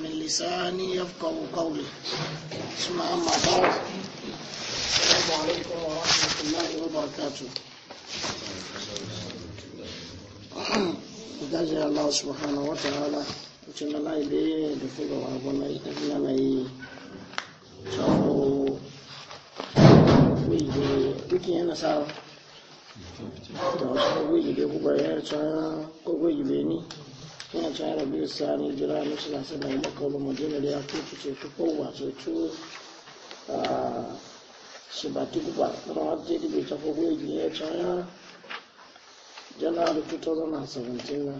من لساني يفقه قولي ثم أما بعد السلام عليكم ورحمة الله وبركاته gaji Allah da yi da fuga wa ita na na yi yana sa da wasu da suna cin biyu sani jira na suna suna yi makawar madina da ya kuka ce kowa wato tu su ba tuku ba kuma wata da bai tafi goyi ya 2017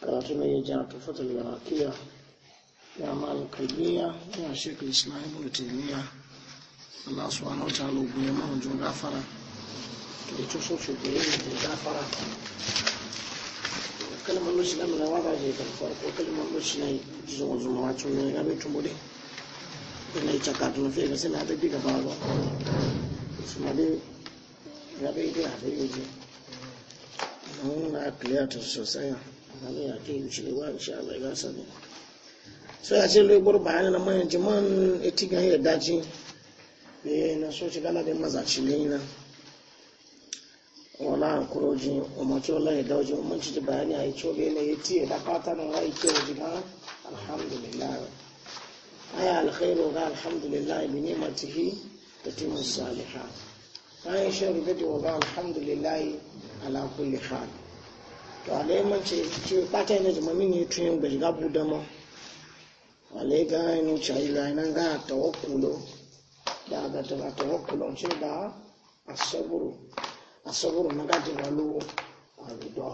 karatu na ya jana tufatar yarakiya ya kalmiya ya ya mana gafara da gafara kalmar lushi na mura waka je kan farko kalmar lushi na zuwa zuwa wato ne ga bai tumure da na yi caka tun fiye ga suna bai diga bawa su ma dai ya bai dai a bai je na a kiliyatar sosai a mai yake yi shi a insha mai gasa sani sai a ce lai gwar bayani na mayan jiman etigan ya daji ne eh, na so shi gala bai mazaci ne na wala an kuro ji umarci wala ya dauji umarci da bayani a yi cobe na ya tiye da fata na wa ike wa jiga alhamdulillah aya alkhairu ga alhamdulillah bi ni'matihi tatimu salihan bayan shan rubuta wa ga alhamdulillah ala kulli hal to alai man ce ce fata ne da mamin ne tun ga jiga budama alai ga ni chai ga nan ga tawakkulo da ga tawakkulo ce da asaburu asogoro magadi lwaluwo waludo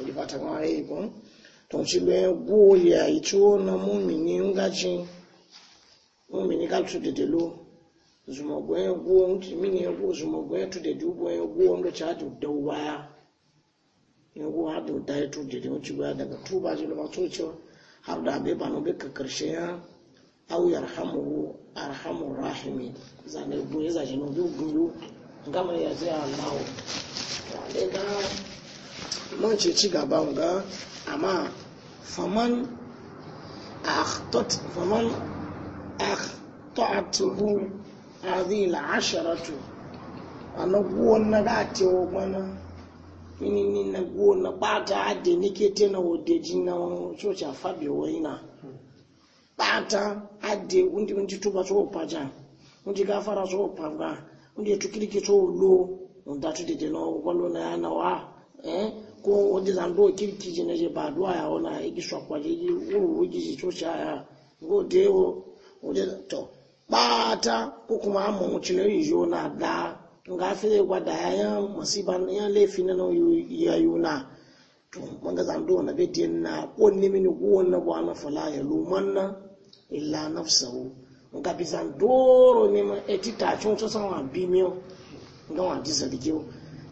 ulipata kwa hivyo tonchilwe guya mumini ungachi mumini katudedelu zumogwe guo nti mini guo zumogwe tudedu guo guo ndo chadu dowaya guo hadu dai tudede uchibwa daga tuba jilo matucho har da bai bano bai ka ya au yarhamu arhamur rahimi zane guo zaje no guo gama ya zai allahu wale ga man ce ci gaba ga amma faman akhtat faman akhtatuhu hadhihi al'asharatu ana guwon na gati o mana ini ni na guwon na bata ade nike tena odeji na socha fabi waina bata ade undi undi tuba so paja undi gafara so panga unje tukiriki to lo unda tu de no kwalo na wa eh ko unje zando kiriki jine je ba duwa ya ona igishwa kwa jiji uru ruji to cha ya ngo dewo unje to bata ko kuma amu chile yijo na da nga fere kwa da ya musiba ya lefi na no ya yuna to manga zando na bedin na ko ni mini ko na bwana fala ya lumanna illa nafsahu gabizan doro ne ma eti cun su san wa bimiyo don wa ji zargiyo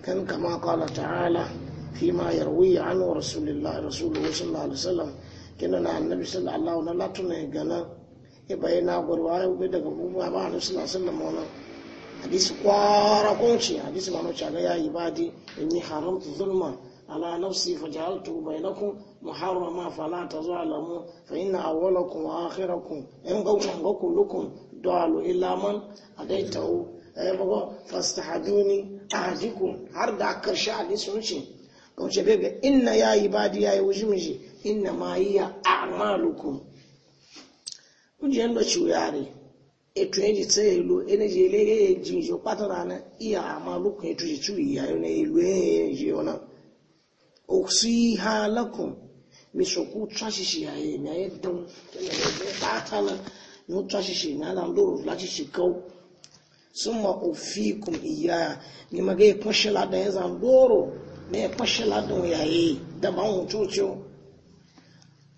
kan kama kala ta'ala fi ma yarwi an rasulullah rasulullah sallallahu alaihi wasallam kina na annabi sallallahu alaihi wasallam na gana e bayina gurwa ya ubi daga buwa ba annabi sallallahu alaihi wasallam wannan hadisi kwara kunci hadisi ma no chaga ya ibadi inni haramtu zulma ala nafsi fajaltu bainakum محرما فلا تظالموا فإن أولكم وآخركم إن قوم كلكم ضالوا إلا من أديته فاستحدوني أهدكم هرد أكر شعلي سنشي قوم شبيبي إن يا عبادي يا وجمجي إنما هي أعمالكم وجين لو شو ياري ètò ẹni tẹ èlò ẹnẹjì eléré èjì ìjọ pátánà náà ìyá àmàlùkùn ètò ìtú ìyá ẹni èlò ẹyẹ ìyọ náà òsì ha lọkùn mi sɔkò tsɔ asisi ayɛ mi ayɛ dɛm kɛlɛ ɛdɛ taata lɛ mi tsɔ asisi mi ala lóru la asisi kɛw suma ofi iya e e e, mi ma ge kpɔsi la dɛn zan lóru mi yɛ kpɔsi la dɛn ya ye dama ŋun tso tso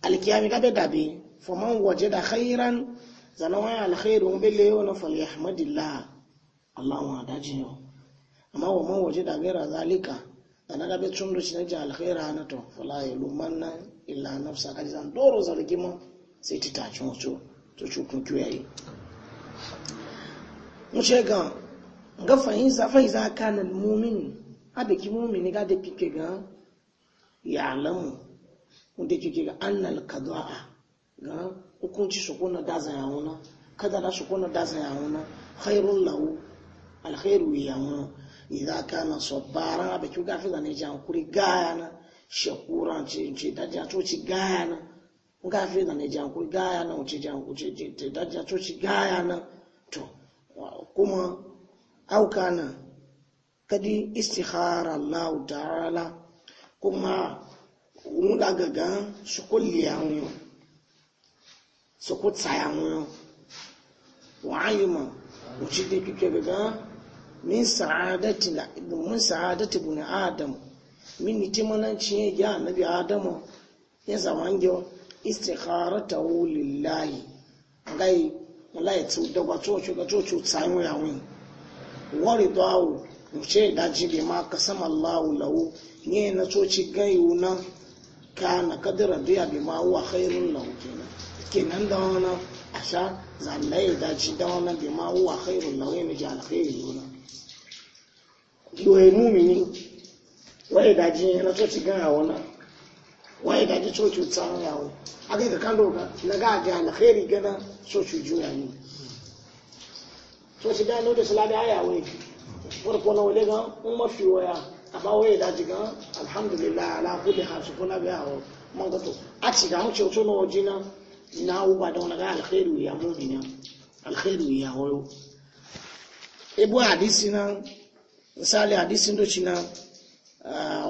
alikiyami ka bɛ fama wɔdze da xeyiran zana wa alxeyiri ŋun bɛ le yɔ na fali ahmadila ala ŋun adaji yɔ ama wɔn ma wɔdze da gɛra zalika zana ka bɛ tsundu sinɛ jɛ alxeyira na tɔ fala yɛlu illa nafsa kadi zan doro zargi ma sai ti tacin wasu to cukun kiyaye mu ce ga ga fahimza fahimza kanan mumini adaki mumini ga da kike ga ya alamu wanda kike ga annal a ga hukunci su kuna da zayawuna kada da su kuna da zayawuna khairun lahu alkhairu yawuna idan kana sabaran abaki ga fi zane jan kuri gaya na shakura ce ce ta ja coci gaya na nga fi na ne ku gaya na wuce jankuri ce ce ta ja coci gaya nan to kuma auka na kadi istikhara Allah ta'ala kuma mu daga gan su kulliya mu su ku tsaya mu wa ayyuma wuce da kike ga min sa'adati la min sa'adati ibn adam min timananci ya gya annabi adamu ya zamangiyo istikharatahu lillahi ngai mulai tu dogba cocu ga cocu tsayin yawin wari dawo muce da jibi ma ka sama allahu lahu ne na coci gai wuna ka na kadira biya bi ma wa khairun lahu kenan kenan da wana a sha zalaye da ji da wani bi ma wa khairun lahu ya ji alkhairi wuna yoyi mumini wọ́n ìdájí ẹlọ́tọ́tì gan àwọn náà wọ́n ìdájí tóòtù táwọn yàwó akẹ́kọ̀ọ́ kan ló ga lọ́gá àjẹ àlàkẹ́rì gánà tóòtù ju yàní tóòtù gan lóde sọládé àyàwó yìí wọ́n pọ̀ náà wọlé gan ń mọ̀ fi wọ́ya àmọ́ wọ́n ìdájí gan alihamudulilayi alákùnrin àtúkọ́ lábẹ́ àwọn mọ́tò àti ìgbà àwọn tóòtù náà jí náà ina abubuwa don daga alkhairu ya mumina ibu misali hadisin doci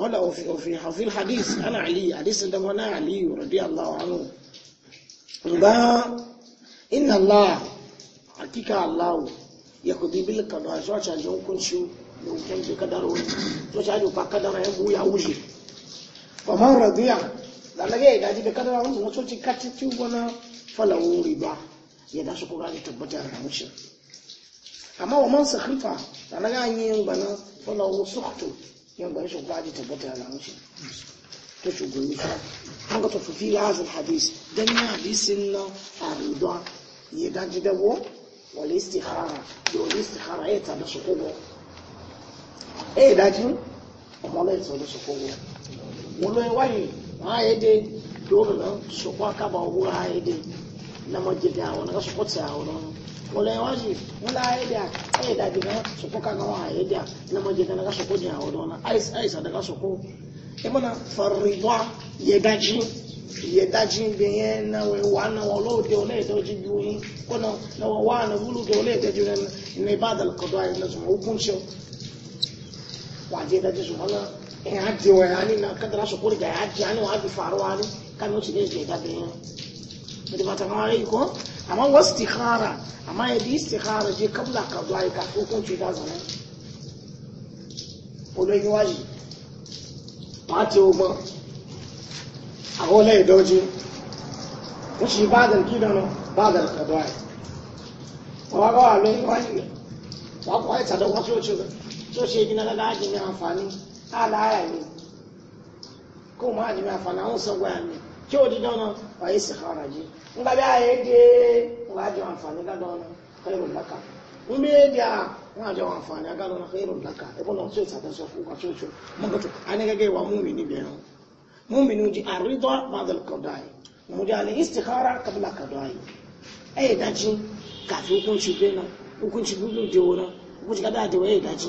wala ofin hadis ana aliyu hadisun da wani aliyu radiyallahu anhu ba inna la hakika allahu ya kudi bil kadara so cha jon kunshu no kunshu kadara wani so cha jo pa kadara ya buya wuje fa man radiya da lage ga ji da kadara wani so cha kati ti wona fala wuri ba ya da su ko ga ni tabbata da mushi amma wa man sakhifa da lage an yi bana fala wusuhtu yan ban shi kwaji tabbatar da mushi to shi gumi fa an ga tafi fi hazal hadis dan ya hadisin nan a ridwa ya daji dabo wal istikhara yo istikhara ya ta da su kogo eh daji amma lai so da su kogo wani wani ma ya dai dole nan su kwa kaba wura ya dai na majida wani ka su kwata wani wala waji wala aidia eh, aidia diga soko kaga wa aidia na maje da naga soko jiya wado na ice ice daga soko e mana faridwa ye daji ye daji be na we wana wolo de ole do ji juyi kono na wa wana bulu de ole de n'a ne badal qadwa na zumu kuncho waje da ji zuwa na e haji wa yani na kadara soko ga haji e yani wa bi faruwa ne kan wuce ne je da be ne ba ta ko amma wasu tihara amma ya bi istihara je kabla ka zuwa ka ko ko ce da zama olo yi waji ba ce ogbon a hola ya doje mushi ba da kida no ba da ka zuwa wa ga wa lo yi waji wa ko ai tsada wasu ce so ce gina da dajin ne amfani ala ya ne ko ma ji mai amfani an san gwaya ne kí o di yi wàyí sàkàrà jí nga bí ayé dé nga jọ àǹfààní ká dọ́nà kéèrò laka n bí yé dìá jɔ jọ àǹfààní ká dọ́nà kéèrò laka e bọ́ lọ tí o sàtẹ sọ fún ka tó tó mo kò tó anigage wa mú mi ní bẹ́ẹ̀ nù mú mi ní o jí àrídọ́ madal kọ̀dọ̀ ayé mo di àlè istikhara kabila kọ̀dọ̀ ayé ẹ yẹ dájí kàfi hukunci bẹ́ẹ̀ nà hukunci bíbí òde wo nà ci ká da de wa e yẹ daji.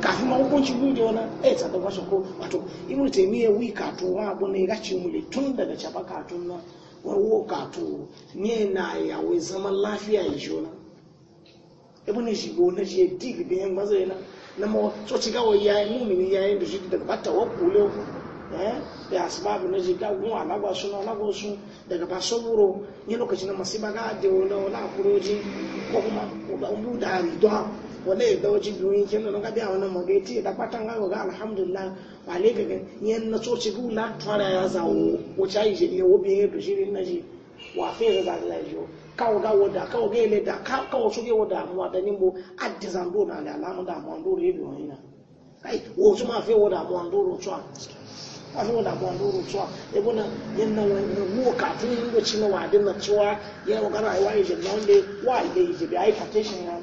ka ma hukunci biyu da wani ya tsada wasu ko wato ibnu taymiya wi kato wa tun daga na warwo kato ne na yawo zaman lafiya ya shi na shi dig ibi yan mazai na na ma so ci gawa yayi mumini yayin da shi na suna daga ba na masiba ga da wani wani akuro wala da waje doyin kin nan ga biya wannan magai ti da patan ga ga alhamdulillah wale ga na so ci gula twara ya zawo o chai je ne wo bi to shi na ji wa fe da la jo ka o ga woda ka o ga ile da ka ka o woda mu da nimbo adda zando na da alamu da mu ando ina kai wo su ma mu ando mu ando ro e bona na wo ka tun na wa din na ya o ga rayuwa je na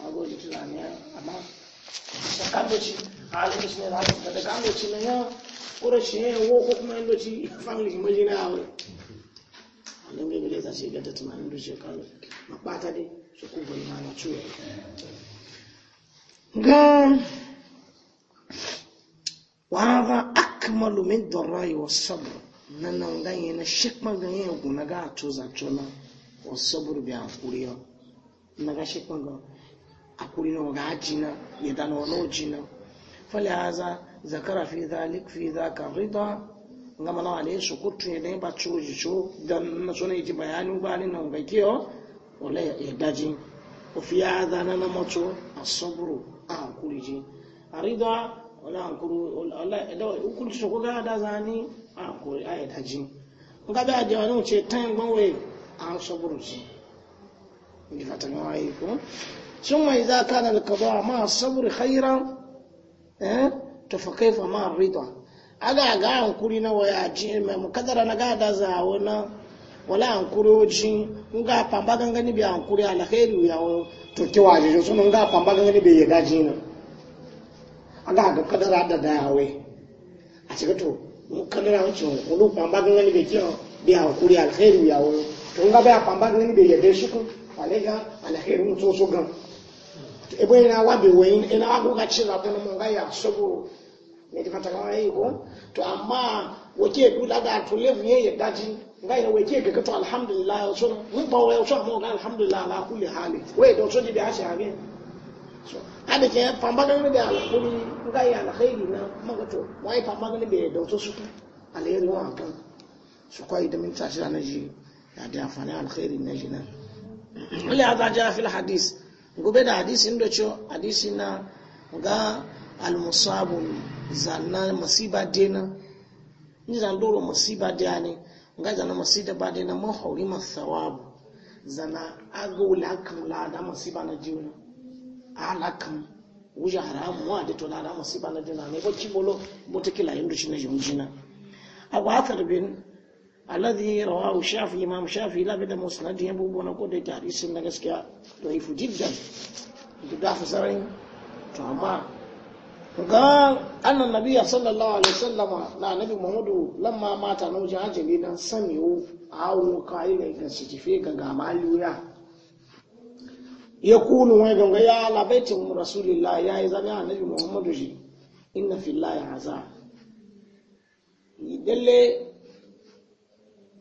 agora de lá né ah, a mão acabou de ali que se lá da acabou de né ora che wo ko kuma indo ci family mai na aure annan bai bai zai ga da tunanin da shi kan mabata dai su ku bai ma na ciwo ga wa akmalu min dharra'i was-sabr nan nan ganye na shikman ganye guna ga to zanto na was a bi hakuriya na ga shikman ganye akuri no ga jina ya da no no jina falaza zakara fi zalik fi zaka rida ngama na ale su kutu ne ba chuji chu dan na yi bayani ba ni na ga kiyo wala ya daji ko fi hada na na moto asabru an kuriji arida wala an kuru wala da ukun su ko da zani an kuri ai daji ngabe aje wani ce tan gbanwe an ji ina sun mai za ka da ma sabri khairan eh to fa kaifa ma rida aga ga hankuri na waya ji mai mukadara na ga da zawo na wala hankuri oji nga pamba gangani bi ya to waje sun pamba gangani bi ya gaji na aga ga kadara da dawe a cikin to alega alherin soso gan ebo ina wabe wayin ina e wago ga cira ta mun ya sabo ne ta fata kawai yi ko to amma wake dula da to le mu yayi daji ga ina wake ga to alhamdulillah so mun ba wai so mu ga alhamdulillah ala kulli hali wai da so ji da shi hage so ada ke pambagan da alkuri ga ya alkhairi na maka to wai pambagan da da to su alheri wa kan su kwai da min tashi na ji ya da amfani alkhairi na ji na wale hada ja fil hadis gobe da hadisin da cewa hadisi na ga almusabu zanna masiba dena ni zan doro masiba dena ne ga zana masiba ba dena mun hauri masawabu zana ago lakan la masiba na jiuna alakan wuja haramu wa da to da masiba na jiuna ne ba kibolo mutakila yin dushi na jumjina abu haka bin alladhi rawahu shafi imam shafi la da musnadi ya bubu na kodai sun na gaskiya to ifu jiddan da fasarin to amma ga annan nabiya sallallahu alaihi wasallama na nabi muhammadu lamma mata na wajen ajali dan samiyo awo kayi da kan su tafi ka ga maliya ya kunu wai ganga ya labaitin rasulillah ya yi zama Nabi muhammadu shi inna fillahi azab dalle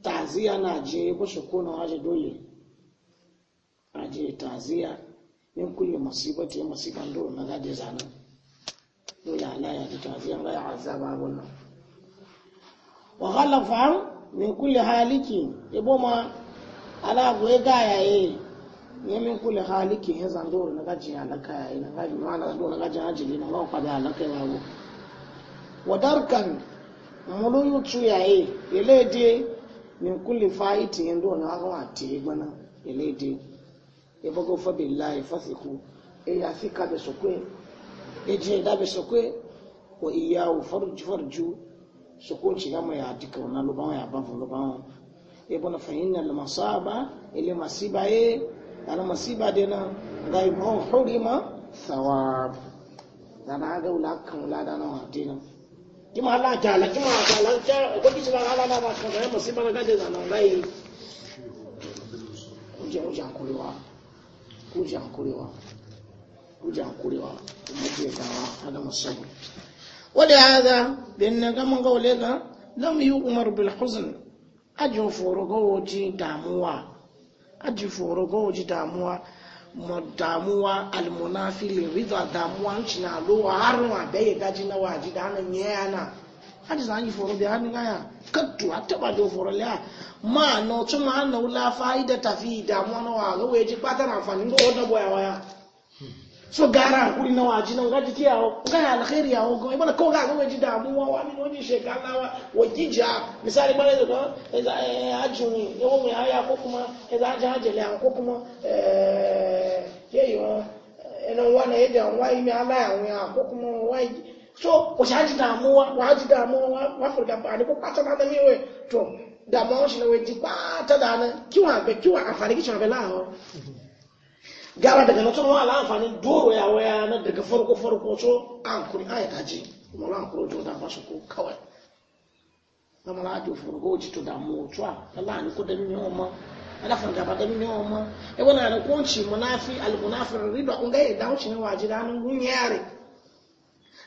taziya na je ba su waje dole a je taziya min kulle masiba ta yi masiban dole na gaje zanen dole ala ya ji taziya ga ya azaba wannan wa khalafa min kulle haliki ibo ma ala goye ga yaye ne min kulle haliki ya zan dole na gaje alaka yaye na gaje ma na dole na gaje hajili na ba kwada alaka yawo wa darkan mulu yutu yaye ile dai min kulli fa'itin yando na hawa te mana ile de e bago fa billahi fasiku e ya fika be sokwe e je da be sokwe wa iyawu farju farju sokon ci gama ya dika na luban ya ban fun luban e bona fa inna al e ana masiba de na hurima thawab dana ga na wa dinan kima ala jala kima ala jala ala ba ka ga musiba na gaje zana ngai kuje uja kuliwa kuje kuliwa kuje kuliwa kuje ga hada musabu wali hada bin ga mun ga lam yu umar bil huzn damuwa almunafilin ridwa damuwa hanci na lowa har wa bai gaji na waji da hannun ya yana hadi za yi foro bi hannun aya kattu har taba do foro liya ma no tun ma hannun la fa'ida tafi damuwa na wa zo ya ji fatan amfani ga wannan boyawa ya so gara hankuri na waji na ngaji ki yawo ga ya alkhairi yawo ga ibana ko ga ga waji damuwa wa min waji shekalawa misali bare da eza eh, ajuni yawo mai haya ko kuma eza aja ajele ko kuma eh yeyo ena eh, wana yeda wai mi ala ya wa ko kuma wai so ko shaji damuwa waji damuwa wa furga ba ne ko pata na mi we to damuwa shi na we ji pata da na kiwa be kiwa afari ki chon be la ho gara daga na tunawa ala doro ya waya na daga farko farko so an kuri ai aji mala an kuro joda ba su ko kawai na ajo ji to da mu twa Allah ni ko da mi ma ala fan da da mi ma e na ko ci munafi al munafir riba da wuce ne waji da nan gun yare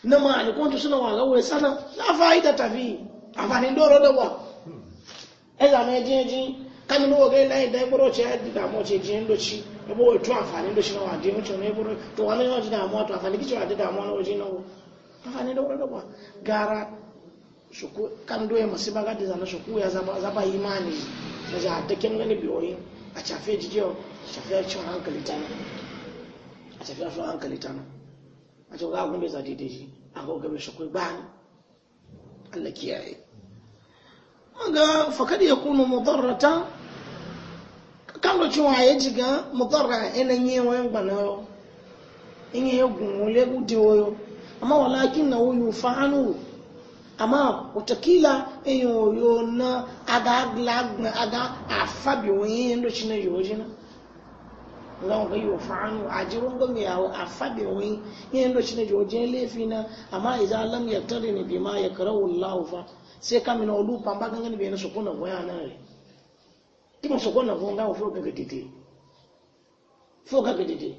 na ma ni ko suna wa ga sana doro da wa hmm. e me ebo wetu amfani ndo shina na waje mutum ne to wale yawa ji damuwa to amfani kici waje damuwa na waje na amfani ndo kwa rabuwa gara shuku kan doye masu baga da zana shuku ya zaba imani na ji hatakin gani biyoyi a cafe jikiyo shafi ya cin hankali tano nan a shafi ya hankali tano nan a cikin gagun bai zaɗi da shi a ga gabe shuku ba ni Allah kiyaye. Ga fakadi yakunu mudarratan kalu ci wa jiga mudarra ene nye wa ngba na yo inye yegun oyo ama walakin na uyu fahanu ama utakila eyo oyo na aga glagna aga afabi wen na chine yo jina nga ga yo fahanu ajiru ngo mi afabi wen yen ndo chine yo jina lefi na ama iza lam yaktari ni bima yakrahu allah fa sai kamina olu bi na sukuna waya na tí mo sọ̀kọ́ náà fún dáhùn fún gẹ̀gẹ̀ dìde fún gẹ̀gẹ̀ dìde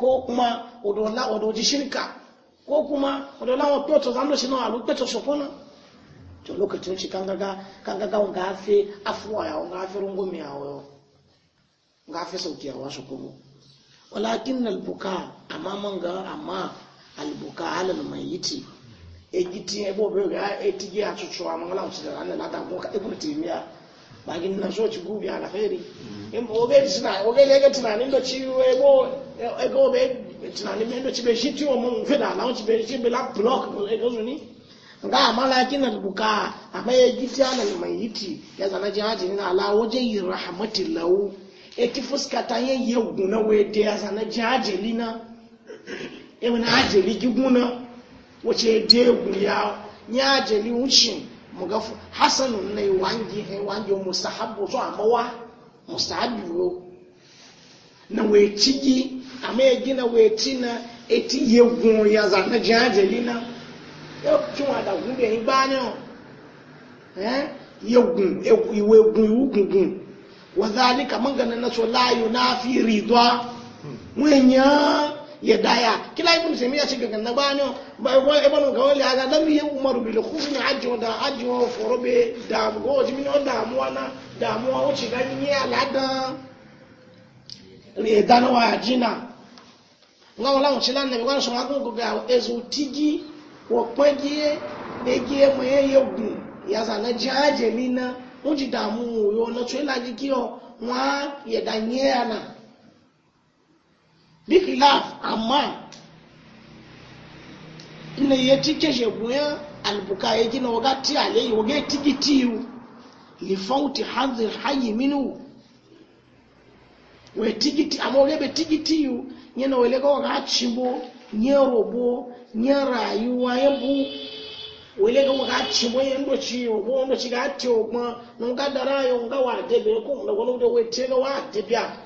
ko kuma odoji shirka ko kuma odolawan pẹ̀tọ̀ zandoshi náà àlú pẹ̀tọ̀ sọ̀kọ́ náà tí olókàtí ó ṣe kangaga wọn gáfé afúnwà àwọn gáfé rungomi àwọn gáfé sauki àwọn sọ̀kọ́ mu walakin albuka amma ti ga ti albuka halal mai yiti egiti ebe obere ga etigi atụtụ amangala msidara annalada ibn e timiya Bakin na so ci gubi alkhairi in oge suna oge ne ga tunanin da ci ego ego be tunanin da ci be shi tiwo mun fi da launci be shi be la block mun ego zuni nga amala na buka amma ya giti ana mai yiti ya zana ji haji na ala waje yi rahmatillahu eti fuska ta yin yau na wede ya zana ji lina ewu na haji ligi guna wace ya de ya e ni haji li muga hasanu ne wangi he wangi musahabu so amawa mustahabu yo na we chigi ame gina we tina eti yegun ya za na jaje lina yo tun ada gun be yin ba ni o eh yegun iwe gun wa zalika mangana na so la yunafi ridwa hmm. wenya yadaya kila ea ya kla gachi g gagbana ba ba egban gaa n e aga ab ihe umaru mdụ biri kụi na aj ajụọ fọrụe jidọ a damọ uhee a a redhajia ranchina na ach k g ga-awa zụ iji okpe egi ae ye u ya zaaji a jeina ụji damụ nachụ la aiio nwa yedaye ya na bikilaf ama ina ya tike sheguya albuka ya gina waga ti alayi waga tiki tiyu lifauti hanzir hayi minu wai tiki ti amma waga bai tiki tiyu yana wale ga waga cibo nye robo nye rayuwa ya bu wale ga waga cibo ya ndo ci robo wanda ci ga ti ogbon na waga dara ya waga wa debe ko na wani wada wai tega wa debiya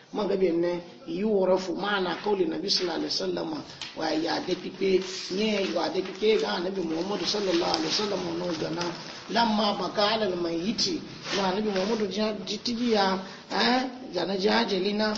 man gabe ne yi worafu ma'ana kauli nabi sallallahu alaihi wasallam wa ya de pipe nye wa de pipe ga nabi muhammadu sallallahu alaihi wasallam no gana lamma bakala al mayiti wa nabi muhammadu jitibiya eh jana jajelina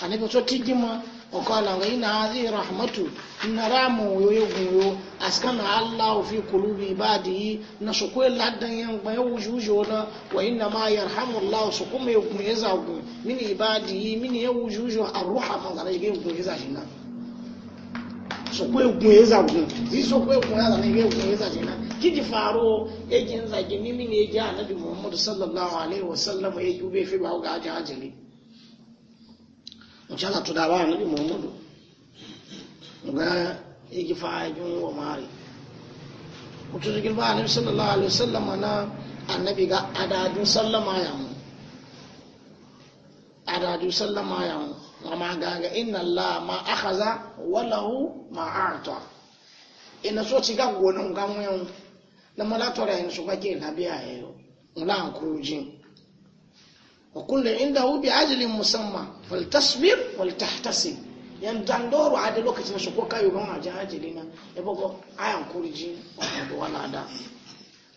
anabi so tigima وقال وإن هذه رحمة إن رامو يغيو أسكن الله في قلوب عباده نشكو الله ينبا ويوجوجونا وإنما يرحم الله سكم يغم يزاغو من عباده من يوجوجو الرحمة غير يغم يزاجنا sokwe ogun eza ogun ti sokwe ogun eza na ihe ogun eza jina kiji faro ejin zage mimi ne na anabi muhammadu sallallahu alaihi wasallam eji ube fi ba ga aja ajiri mucha ala tuda ba annabi muhammadu ga yake fa'ajin wa mari mutu zikir ba annabi sallallahu alaihi wasallam na annabi ga adadu sallama ya mu adadu sallama ya mu amma ga ga inna allah ma akhadha wa lahu ma a'ta ina so ci ga gonon gamu na mala tore yin su kake labiya yayo mula an kurujin وكل عنده بأجل مسمى فلتصبر ولتحتسب yan dandoro a da lokacin su ko kayo ban wajen ajali na ya bako ayan kurji wanda wala da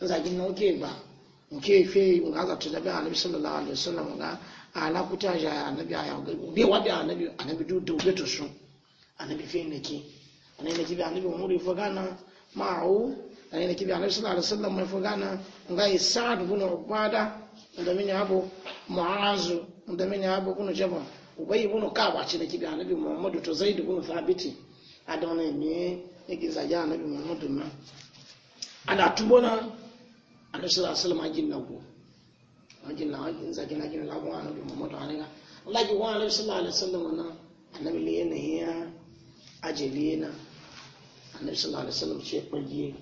zagin na oke ba nke fe nga za ta dabe annabi sallallahu alaihi wasallam ga ala kuta ja annabi ya, ga be wa be annabi annabi da ubeto ke mai nga da min abu mu'azu da mini abu bunu jaba ubai bunu kaba ci da kibi annabi muhammadu to zaidu bunu thabiti a da wani ne yake zage annabi muhammadu na ana tubo na annabi sallallahu alaihi wasallam gin nago wajin na wajin zage na gin labu annabi muhammadu anega Allah ji wa annabi sallallahu alaihi wasallam na annabi ne yana ajiye na annabi sallallahu alaihi wasallam ce kwaje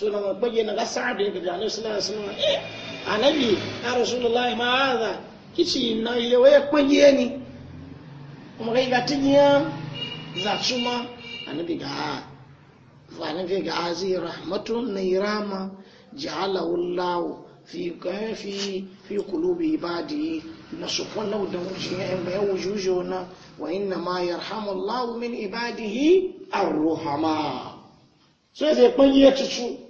so na na gasa sa'adu ga jani sallallahu alaihi wasallam eh anabi ya rasulullahi ma hadha kici na ile waye kwage ni kuma kai ga tinya za suma anabi ga fa anabi ga azi rahmatun nairama ja'alahu allah fi fi fi qulubi ibadi na sufan lau da wuce ya bayan wujujo na wa inna ma yarhamu allah min ibadihi ar-ruhama so sai kwage ya tutu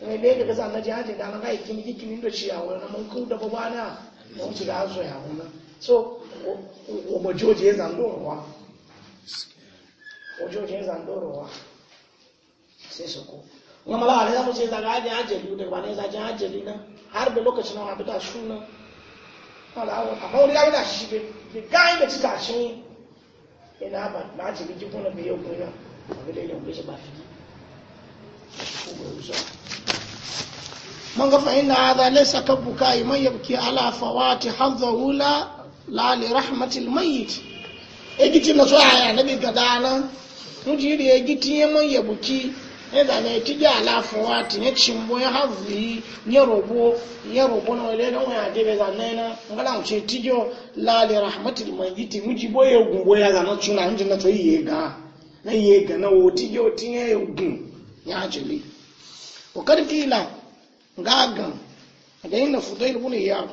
wani eh, bai ga gaza na jihajin da ga ikin ikin da ci a wani mun kun da baba na mun ci da ya wannan so o mo joje zan dorowa o joje zan dorowa sai su ko kuma mala ala mu ce daga ajin ajali da ba na har da lokacin wa bita suna mala a ba wani da shi be ga inda shi ina ba na ci bi kuna kuma yau kuma ba da yau ba shi ba من قف إن هذا ليس كبكاء من يبكي على فوات حظه لا لا لرحمة e giti na so aya na bi gada gadana nuti ri egiti ye man yabuki e da na ti ja ala fun wa ne chimbo ya hazi ye robo ye robo no le no ya de be da na na ngala un che ti jo la li rahmatil mayyit muji bo ye gun ya da na tuna nje na to ye ga na yega na wo ti jo ti ye gun ya jeli وقد قيل غاغا دين فضيل بن اياد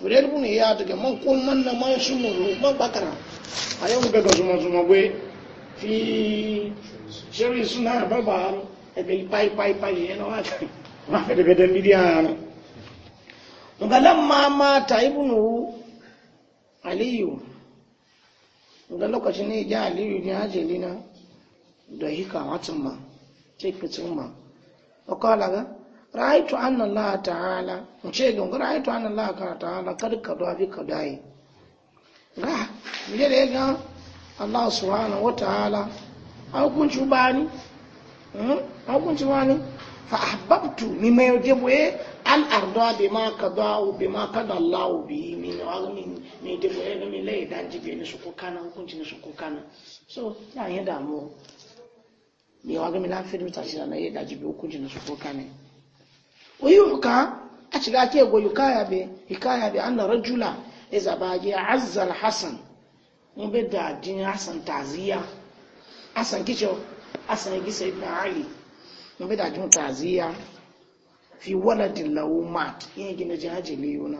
فضيل بن اياد ga man kun man na man sun mu man bakara ayo ga ga zuma zuma gwe fi shiri suna baba e be pai pai pai ne no wa ma fe be dan bidiya mama ta ibnu aliyu ga lokacin ne ja aliyu ne ajalina da hika watan ma ce fitin ma وقال رأيت أن الله تعالى وشيء رأيت أن الله تعالى قد قضى بقضائي ga muje da yaga Allah subhanahu wa ta'ala hukunci bani hukunci bani fa ahbabtu ni mai je boye an arda ma qada bi ma qada bi min min ni de boye ni lai dan jibe ni su ko su ko kana so ya yi damu me wa ga mi la fidu ta shira na ye da jibi hukunci na su ko kane uyuka a shiga ake go yukaya be hikaya be na rajula ya e zaba ya al-hasan mun bi da din hasan taziya hasan kicho hasan gisa ibn ali mun bi da din taziya fi waladin lawu mat yin gina jahajili yuna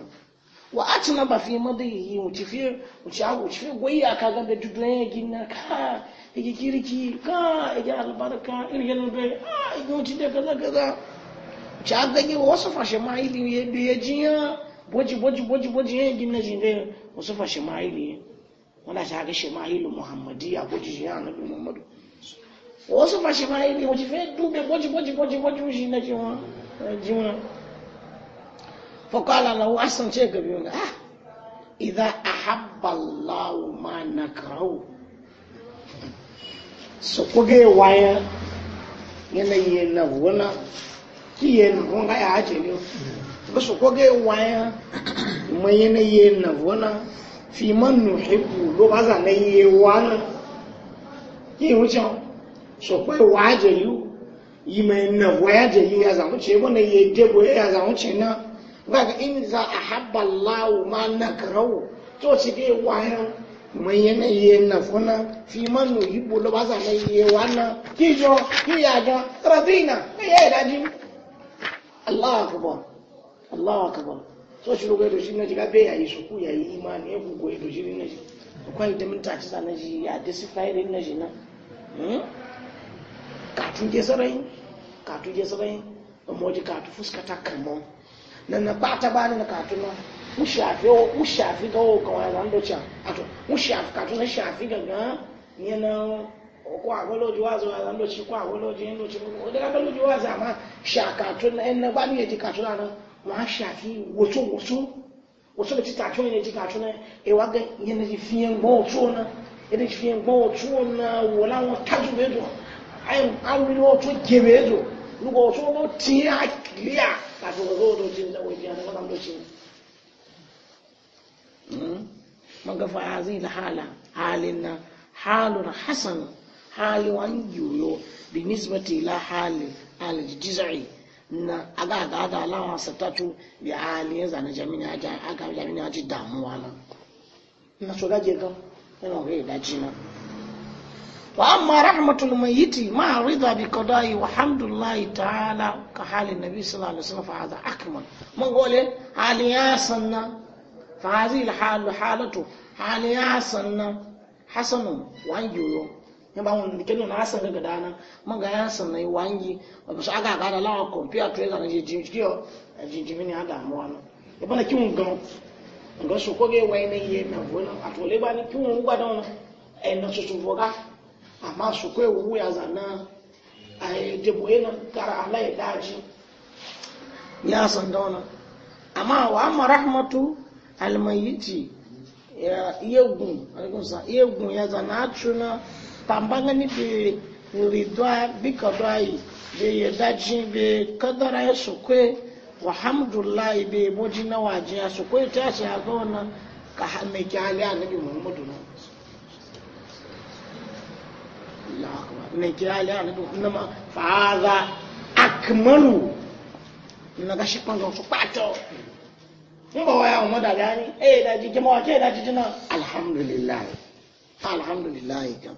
wa a ci na ba fi mada yi wuce fi wuce a wuce fi gwaya ka ga da dudulan ya gina ka ya kirki ka ya albarka irgen bai a ya wuce da kaza kaza wuce hagu gage wasu fashe ma ili ya biya jiya boji boji boji boji ya gina shi ne wasu fashe ma ili wanda ta ga shi ma ili muhammadi ya boji jiya annabi muhammadu wasu fashe ma ili wuce fi dube boji boji boji boji shi na jiwa jiwa فقال له أحسن شيء قبل آه إذا أحب الله ما نكره سقوقي وايا yana yi na wuna ki yi na hunga ya hace ne ba su waya yana yi na wuna fi man nuhibu lo ba za na yi wani ki wuce so kwe wa hace yi yi mai na yi na ga in za a haɓa lawo ma na karau to shi dai wayan mai yanayi na funa fi manu yi bolo ba za na yi Ki kijo kiyaga razina na ya yi daji Allah akbar Allah akbar so shi lokacin da shi na jiga bai yayi su ku yayi imani ya gugu da shi na shi kwai da mun taci na shi ya disifai da na shi na hmm? katun je sarai katun je sarai amma wajen katun fuskata kamar nana kpata ba nana katuna mushafi o afi ga o kan wa ndo cha ato mushafi katuna shafi ga ga yana kwa agolo juwazo wa ndo chi kwa agolo ji ndo chi o de agolo juwazo ma shaka tuna en ba ni ji na wa shafi woso woso ta ni ji e wa ga ji na e de na wo la mo clear da zai hmm? da hala halin na halun hasan hali wani yoyo bi nisbati la hali aljizai na aga aga da alawa satatu bi hali ya zane jami'in ya damuwa na ga ya daji na وأما رحمة الميت مع رضا بقضائه وحمد الله تعالى كحال النبي صلى الله عليه وسلم فهذا أكمل ما قول حال ياسنا فهذه الحال حالته حال ياسنا حسن وانجيو yamba wani kenu na asan daga dana man ga yasan na yi wangi ba su aka gada lawa je a jinjimi ne a damuwa na ya bana kin gan ga su koge wai ne yi gona a tole ba ni kin wani na su su voga amma su kai wuya zana a yi dubu na kara ala ya daji ya san dauna amma wa amma rahmatu almayiti ya gun alikunsa iyegun ya zana tuna tambanga ni bi ridwa bi kadai bi ya daji bi kadara ya su kai wa hamdullahi bi mojina wajiya su kai ta shi a ga wannan ka mai kyali nabi muhammadu na akbar ne kira ali anabi muhammad fa hadha akmalu na ga shi kwanzo su kwato mun ba waya mu da gani eh da ji jama'a ke da ji jina alhamdulillah alhamdulillah kam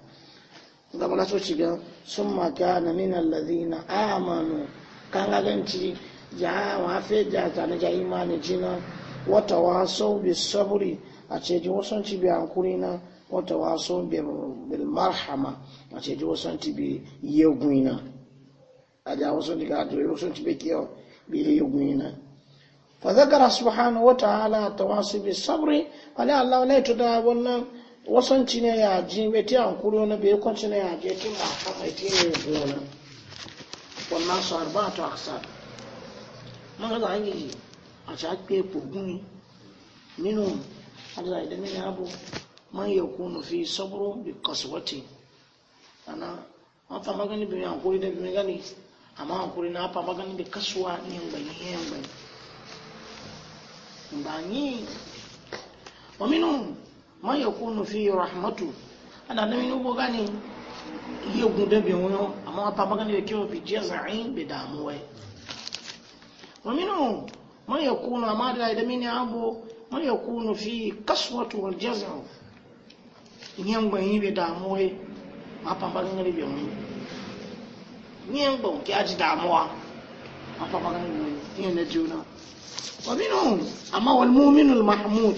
zama na so shiga sun maka na min alladhina amanu kan ganci ja wa fe ja ta na ja imani jina wata wasau bi sabri a ce ji wasan ci bi hankuri na wata waso bil marhama a ce ji wasu ti bi yegun ina a ja wasu ti ga ji wasan ti bi kiyo bi yegun ina fa zakara subhanahu wa ta'ala tawasu bi sabri ala allah la tuda wannan wasan ci ne ya ji beti an kuro na bai kwanci ne ya je tun a kama ita ne gona wannan su arba ta aksar man gaza an yi a shaƙe kogun ninu har zai da mini abu man ya kunu fi sabro bi kaswati ana an fa magani bi hankuri da bi gani amma hankuri na fa magani bi kaswa ni yan bani yan bani bani wa minhum man yakunu fi rahmatu ana nan ni bo gani ye gun da bi won amma fa magani bi kiwo bi jaza'in bi damuwa wa minhum man yakunu amma da da mini abu man yakunu fi kaswatu wal jaza'u nyemgbe yi be damuwa ma papa gangare be wani nyemgbe ki aji damuwa ma papa gangare be wani yin na juna wa minhum amma wal mu'minul mahmud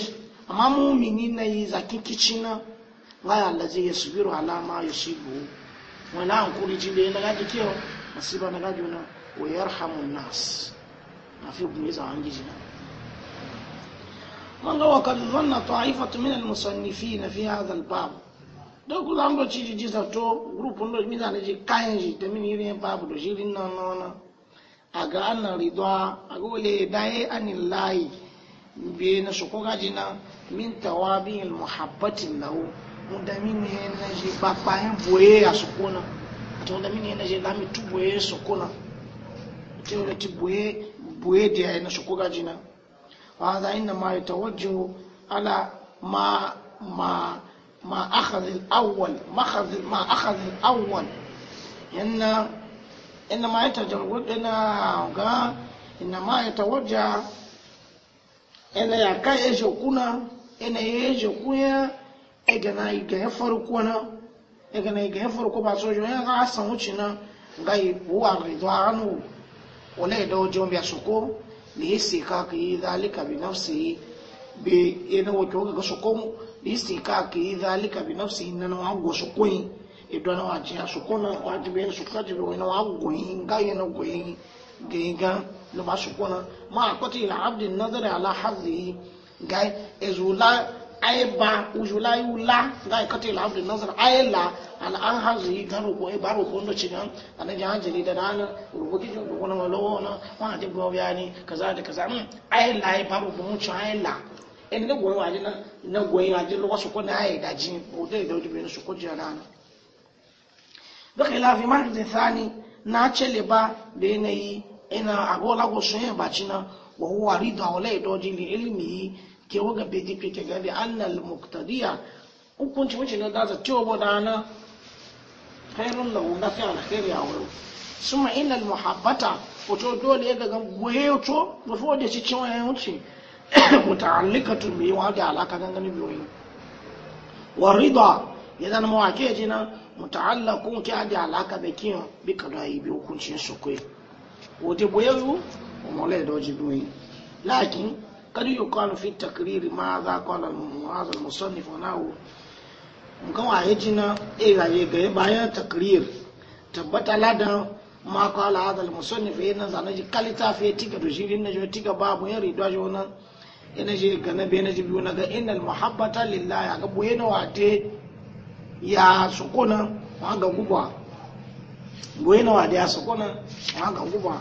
amma mu'mini na yi zakin kicina ngaya ya yasbiru ala ma ya wala hankuri jinde na gaji kiyo masiba na gaji na wa yarhamun nas na fi gumi za an gijina man ga wa kan wanna ta'ifatu min al-musannifin fi hadha al-bab don ku zan do ci ji zato group ndo mi zan ji kayan ji da min irin babu do shirin nan nan aga an ridwa aga wale dai anillahi be na su ko gaji min tawabi al-muhabbati lahu da min ne na ji papa en boye a su kona to da min ne na ji lami tu boye su kona to da ti boye boye da na su ko فهذا إنما يتوجه على ما ما ما أخذ الأول ما أخذ ما أخذ الأول إن إنما يتوجه إن إنما يتوجه إن يكا يجوكونا إن يجوكونا إجنا يجنا فرقونا إجنا يجنا فرقو بسوجو إن غاسمو تشينا غاي بوا غيدو عنو ولا يدوجون بيسوكو liistikaki dhalika binafsihi be ena wote woga ga sokomu liistikaki dhalika binafsihi nana wago sokoyi edwana wajiya sokona wajibena sokajibe wena wagoyi ngayena goyi geiga loba sokona ma akoti ila abdi nadari ala ai ujula yula ga ikata ila abdul nazar ai an hazu yi garo e ko ai ko ndo na malo na ma mm, e e ji go kaza da la ai baro ko mu cha na na goyi waje lo ko na ai da jin ko ko bi khilafi thani na chele ba da yanayi ina agola go sun ba cina wa ke waga bai ji ke gani annal muktadiya hukunci wuce na da cewa wada na khairun lahu na fi alkhairi a wurin suma innal muhabbata wato dole ya gaga goye to ba da shi cikin wayan wuce muta'allikatu bi wa da alaka gangan biyoyi wa rida idan ake jina muta'allakun ki da alaka da kiyo bi kadai bi hukuncin su kai wote boyewu mu mole doji biyoyi lakin kad yuqalu fi takriri ma za qala al-mu'az al-musannif wa nahu nkan wa yajina e ga ye ga bayan takrir tabbata ladan ma qala hadha al-musannif yana zanaji kalita fi tika to shirin na jo tika babu yari do jo yana je ga na be na ji biyu na ga innal muhabbata lillahi ga boye na ya sukuna na wate ga guba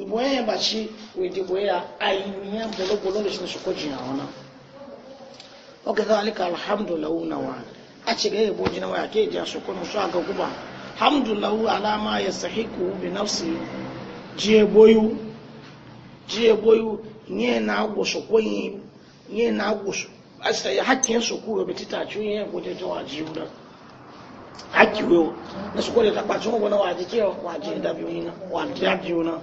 ìbò ẹ̀yẹn bá ṣe ìdìbò ẹ̀yà àìyàn gbọ́lọ́gbọ́lọ́ lè ṣe ṣokòjì àwọn náà Oge kẹta alika alhamdulilahu na wa a ci gaya ìbò jina waya kéèjì àṣokọ́ nù sọ àga kúbà alama ya sahiku bi nafsi jiye boyu nye na agwo sokoyi nye na agwo ya hakkin sokoyi bi nye ko je to ajiyu da hakki wo na sokoyi ta kwaci wọn wani waje ke waje na na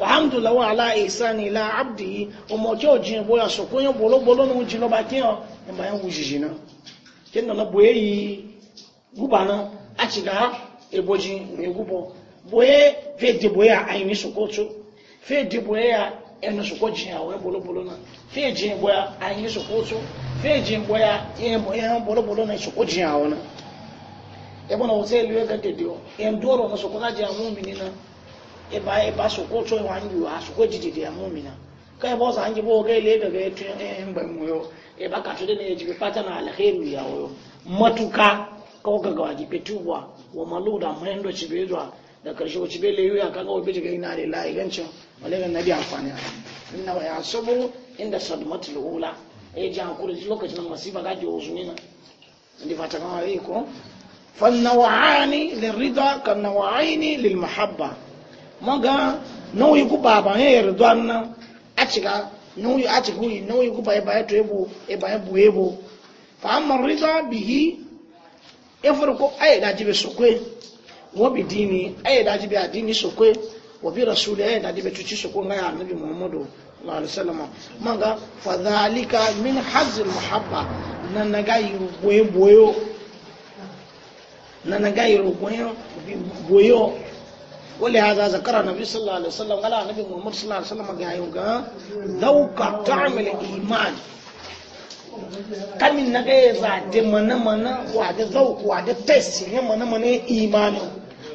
وحمد الله على إحسانه إلى عبده وموكيو جين بويا سكون بولو بولو نو جين لبا كيو يبا ينو جينا كنا نبوي غبانا أتيغا إبوجي يغبو بوي في دي بويا عيني سكوتو في دي بويا ẹnu sọkọ jìn àwọn ẹbọlọbọlọ náà fẹẹ jìn bọyá àyìn sọkọ tó fẹẹ jìn bọyá ẹn bọlọbọlọ náà sọkọ jìn àwọn náà ẹbọn náà wọ́n sẹ́yìn lóye ká dèdè ọ ẹn dọ́rọ̀ náà sọkọ náà jẹ àwọn òmìnir na. eba eba soko tso wa nyi wa soko jididi ya mumina ka eba sa nyi bo ga ile daga etu ngba e, e, mu yo eba ka to de ne jibe pata na alkhairu ya yo matuka ko ga ga wajibe tuwa wa maluda mwendo chibezwa da karshe ko bai layu ya kaga wabe daga ina da layi gancin malaikar nabi amfani inna wa yasubu inda sadmatul ula eh ji hankuri lokacin masiba gaje wasu ne na ndi fata kan e ko fan nawani lirida kan nawaini lilmahabba maga nauyi guba abanye ya yarda nan a cika nauyi a cika wuyi nauyi guba ya baya ebo bu ebo fa amma rida bihi ya farko ayi da jibe sokwe wa bi dini ayi da jibe adini sokwe wa bi rasuli ayi da jibe tuci sokwe ga annabi muhammadu sallallahu alaihi wasallam maga fa zalika min hazil muhabba nan naga yi boyo nan naga boyo ولهذا ذكر النبي صلى الله عليه وسلم قال النبي محمد صلى الله عليه وسلم قال ذوق طعم الإيمان kamin na ga za mana-mana da zauku da test ne mana-mana imanin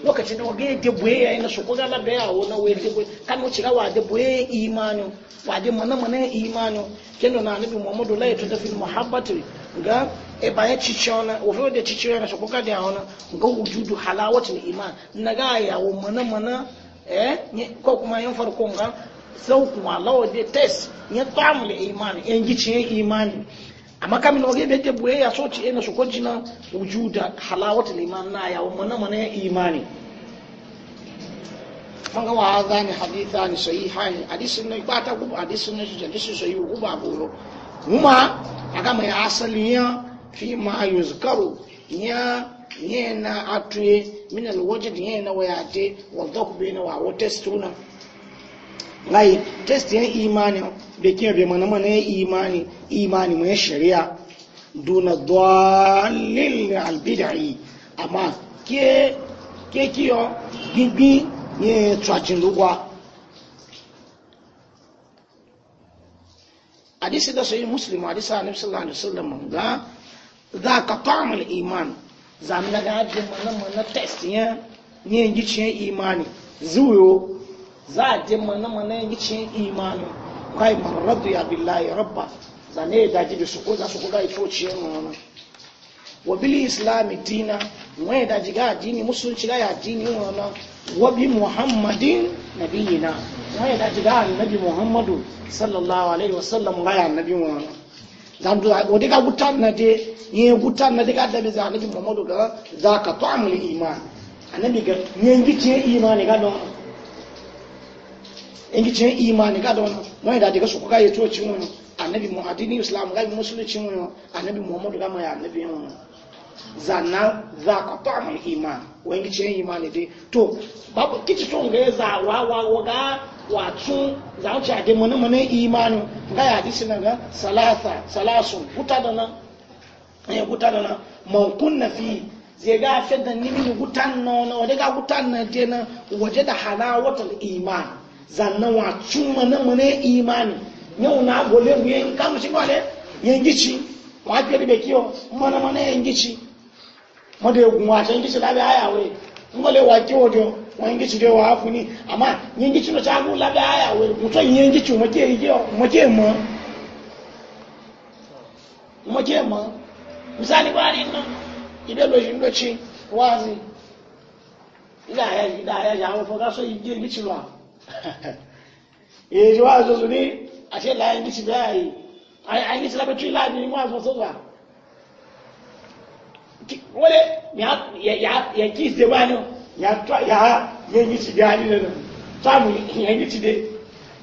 lokacin da ya na da yawo na kan ga da boye imanin mana-mana imanin kenan na nabi muhammadu da muhabbatu ga e bayan ciciyar e, e na ofe da ciciyar na shakuka da yawon ga wujudu halawatul iman na ga yawo mana mana eh ko kuma yan farkon ga kuma walawa da test ya tamul iman yan giciyar iman amma kamin oge bai te buye ya soci ina su kwanci na wujuda halawatul iman na wo mana mana ya imani manga wa hadani hadithani sahihani hadisin na ibata gubu hadisin na shi hadisin sahihu gubu agoro kuma aga mai asali yan fi ma yuzkaru nya yana atuye min alwajid yana wayaje wa na ngai test imani mana mana ya imani imani mai shari'a duna dalil albid'i amma ke ke kiyo gigi ye lugwa hadisi da sai muslim hadisi annabi sallallahu alaihi wasallam ga za ka ta'amul iman mu na gaji mana mana test ya ne yin gicin imani zuwo za a je mana mana yin gicin imani kai man raddu ya billahi rabba ne ya daji da suko za su kuga ya toci yin wani wa bil islami dina wani daji ga addini musulunci ga addini wani wa bi muhammadin nabiyina wani daji ga annabi muhammadu sallallahu alaihi wasallam ga annabi wani zandu wadi ka gutan na de ye gutan na de ka dabe za annabi muhammadu ga za ka amul iman annabi ga ngi ce imani ga don ngi ce imani ga don mo da daga su kuka yi to cin wani annabi muhaddini islam ga musulunci mun annabi muhammadu ga mai annabi mun zanna za ka amul iman ngi ce imani de to babu kici to ga za wa wa ga wato za ci ade mani mani imanin ga ya hadisi na ga salasa salasun guta da nan ya guta da nan mankun na fi zai ga fi da nimi gutan na wani waje ga gutan na je na waje da watan iman zannan wato mani mani imanin yau na gole mu yin kama shi gwale yangici wa fiye da kiyo mana mana yangici mada ya gunwa can gici labi ayawe ngole wa kiwo do wa ngi ci do wa funi amma ngi ngi ci no tagu la ga ya we muto ngi ngi ci mo ke yi mo ke mo mo ke mo misali ba ni no ibe lo yin do ci wazi ila ya ila ya ya fo ga so e jo azo ni ati la ngi ci ba yi ai ai ngi ci la ba ci la ni mo wale ya ki se ba ne ya yanyi ci da ni nan samu yanyi ci de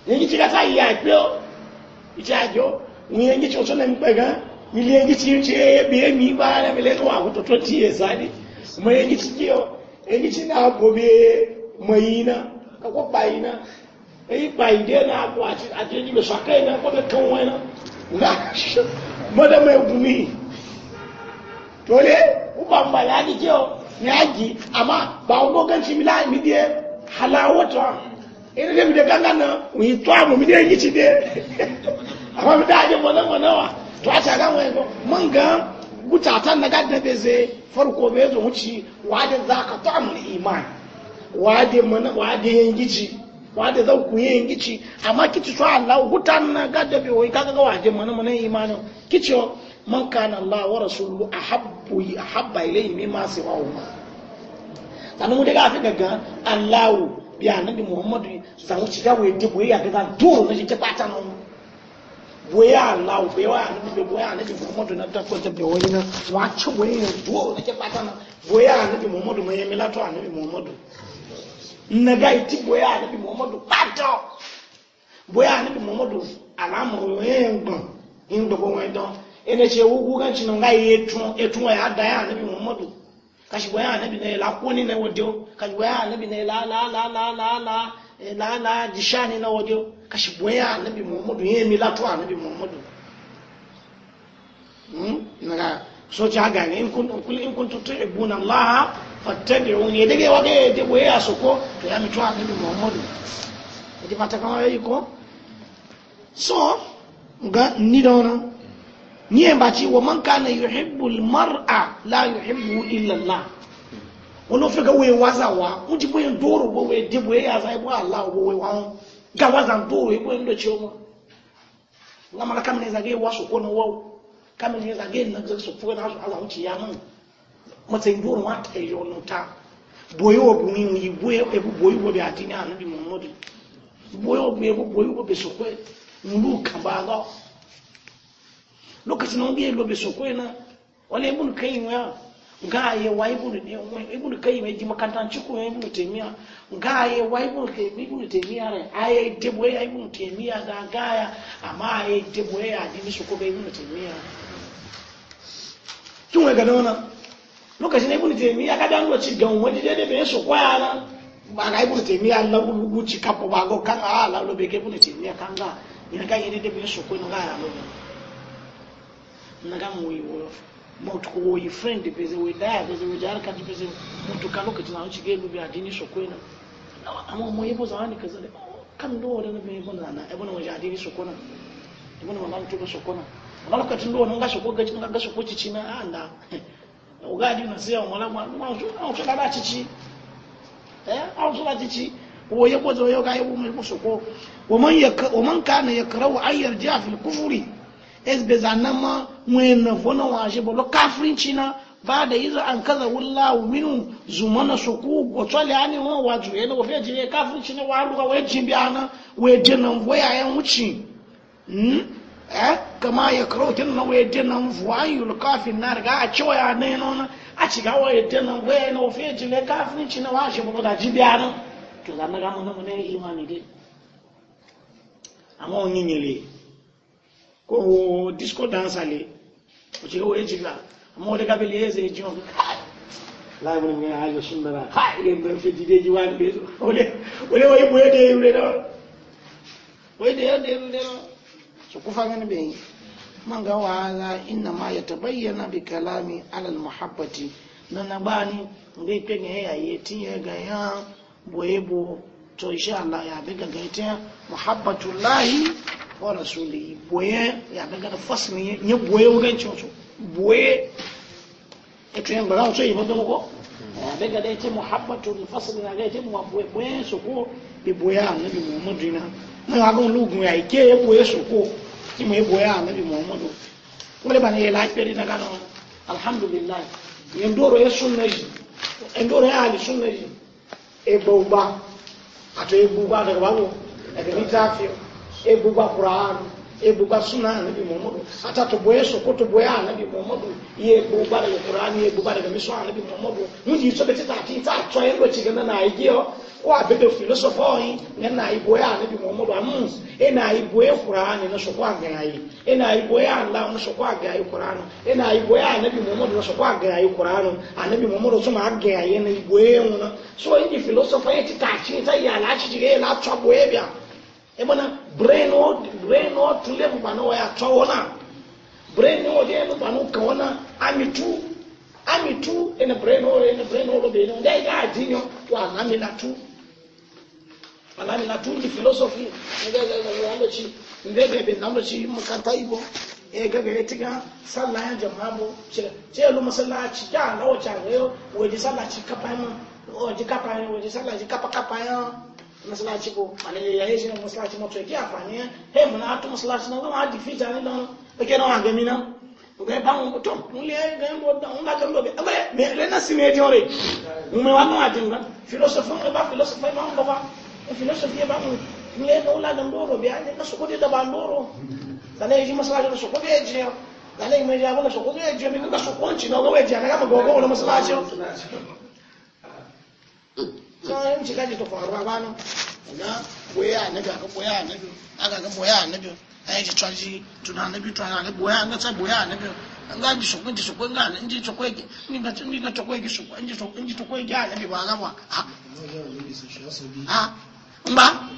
yanyi ci ka sa ya pe o iti ajo ni yanyi ci o so na mi pe gan mi le yanyi ci ci e bi mi ba na mi le ko wa to to ti e sa ni mo yanyi ci ki o yanyi ci na go be mo yi na ka ko pa yi na èyí pa ìdí ẹ̀nà àpò àti àti ẹ̀yìn ìgbésọ̀ akẹ́yìn náà kọ́ bẹ́ẹ̀ na na ẹ̀ náà mọ́dẹ́mọ̀ ẹ̀gùn nìyí. dole uban ba ya ji kyau ya ji amma ba ko kan shi mila mi de halawata ina da mi de ganga na wi to amu mi de yi ci de amma mi da je mo na mo na wa to a ta ga wai ko mun ga gutatan na gadda be ze farko be zo wuci wade zaka to amu iman wade mana wade yin gici wade za ku yin ama amma kici so Allah gutan na gadda be wai kaga ga waje mana mana imanin kici man kana Allah wa rasuluhu ahabbu ahabba ilayhi mimma siwahuma sanu mu daga afika gan Allah bi annabi Muhammad sanu ci ga we de boye aga duro na je pata no boye Allah boye wa anabi be boye Muhammad na ta ko te be na wa ci boye duro na je pata no boye Muhammad Muhammad na ga iti boye Muhammad boye Muhammad yen in dogo wen don ene ce wugu kan cinan ga etu etun e ya da ya annabi muhammadu kashi boya annabi ne la kuni na wadio kashi boya annabi ne la la la la la la e la la jishani na wadio kashi ya annabi muhammadu yin mi latu annabi muhammadu hmm naga so ci haga ne in kuntum tuhibbuna allaha fattabi'uni ya dage wage da boye a soko to ya mitu annabi muhammadu ji fata kama yayi ko so nga ni da ní ẹ̀bà wa man mọ́ ká na yòhìbù mara láyòhìbù ìlàlá wọn ló fẹ́ wọ́n wáza wa wọ́n ti bóyá dóòrò bó wọ́n dìbò yẹ́ yàtọ̀ ẹ̀bọ́ àlá ọ̀bọ̀ wọ́n wá wọn ga wáza dóòrò ẹ̀bọ́ ẹ̀ndọ̀ tí ó mọ́ nga mara kàmínà ìzàgé wá sọ̀kọ́ na wọ́wọ́ kàmínà ìzàgé nàgbẹ́ sọ̀fọ́ náà àlà wọn ta bóyá obìnrin lokacin na wani lobe so ko yana wani ibn kayyim ya ga ya wa ibn ibn kayyim ya ji makantan ciku ya ibn taymiya ga ya wa ibn aye debo ya ibn da ga ya amma aye debo ya ji ko bai ga lokacin na ibn ka dan lokaci ga wani dai bai so ko ba ga ci kapo ba go kan ala lobe ke kan ga ina ga ina bai so ga ya lobe nagamu wai mutu woyi friend pese wai daya pese wai jihar kanti pese mutu ka lokacin an shige lubi a dini so kwena amma mu wani kaza kan do da mai bana na ibn waje a dini so kona ibn wallahi to so na? amma lokacin do nan nga ko gacin na anda uga na wala ma ma so an da eh an so da wo ya bozo yo ga yi mu so wa man ya kana yakrahu an ezbeza nama ma vona na fona bolo kafirinci na ba da yi an kaza wallahu minhu zumana suku go tsale ani wa wa ju yana wa feji ne kafirinci na wa ruga wa jin bi ana we je nan voya yan wuci hmm eh kama ya krotin na we je nan voya yul kafin na riga a cewa ya ne non a ci ga wa je nan voya wa feji ne kafirinci na bolo da jin bi ana to zan ga mun ne imani dai amma onyinyele ko wo disco dansa le o ci wo ejila mo de gabe le eze jon la mo ngi ha yo shimbara ha ile mbe fe dide ji wan be ole ole wo ibu ede yule do wo ede ede yule do so ku fa ngani be man ga wala inna ma yatabayyana bi kalami ala al muhabbati nana bani ngai penge ya yeti ya ga ya boyebo to insha Allah ya be ga gaita muhabbatullahi wa rasuli boye ya ya boye wurin cinsu boye ito yin so yi ba dogo daga da yace muhabbatu na ga mu boye boye su ko bi boye muhammadu na na ga lugun ya ike ya boye su ko ki mu boye muhammadu ba ne ya na gano alhamdulillah doro ya sunna doro ya ali sunna daga daga littafin egbugba qur'an egbugba suna anabi muhammadu ata to boye soko to boye anabi muhammadu iye egbugba daga qur'an iye egbugba daga misun anabi muhammadu mun ji so beti taki ta to yen go chiga na na igi o ko abebe filosofo yin na na iboye anabi muhammadu amu e na iboye qur'an na soko agayi e na iboye allah na soko agayi qur'an e na iboye anabi muhammadu na soko agayi qur'an anabi muhammadu tuma agayi e na iboye wona so yi filosofo yi ti taki ta ya la chi ji la cho boye bia ebona brain wo brain wo tule mu gbana wo ya tɔ wo na brain wo de nu gbana kan wo ami tu ami tu ene brain wo ene brain wo be ne ndai ga ji nyo to anami na tu anami na tu di philosophy ne ga ga ga wo chi ne ga be namo chi mu kanta ibo e ga ga etiga sallah ya jama'a bo ce ce lu masallaci ya na wo cha ne wo di sallah chi kapa mu o di kapa ne wo di sallah chi kapa kapa ya Masalaci ko alele ya hezi na masalati mo tsoki afani he mo na to masalati na ma di fita ni don o ke na wa gami na o ga ba mu to mo le ga mu da on ga gambo be abe me le na sime di ore Mun me wa mo ati nga philosophe mo ba philosophe ma mo ba philosophe ba mo mo le no la gambo ro be ani na so ko de da ba ndoro sale ji masalaci na so ko be je sale me ja ba na so ko be je me na so ko nti na o ga we je na ga mo go go na masalati sauran shiga ji ta faruwa ba nan aka aka ga an yi cewa ji tuna annabi tuna annabi boye an ga ji ji ga an ji ta ni ni ga ta an ji ta ji ta ba ga ba ha ba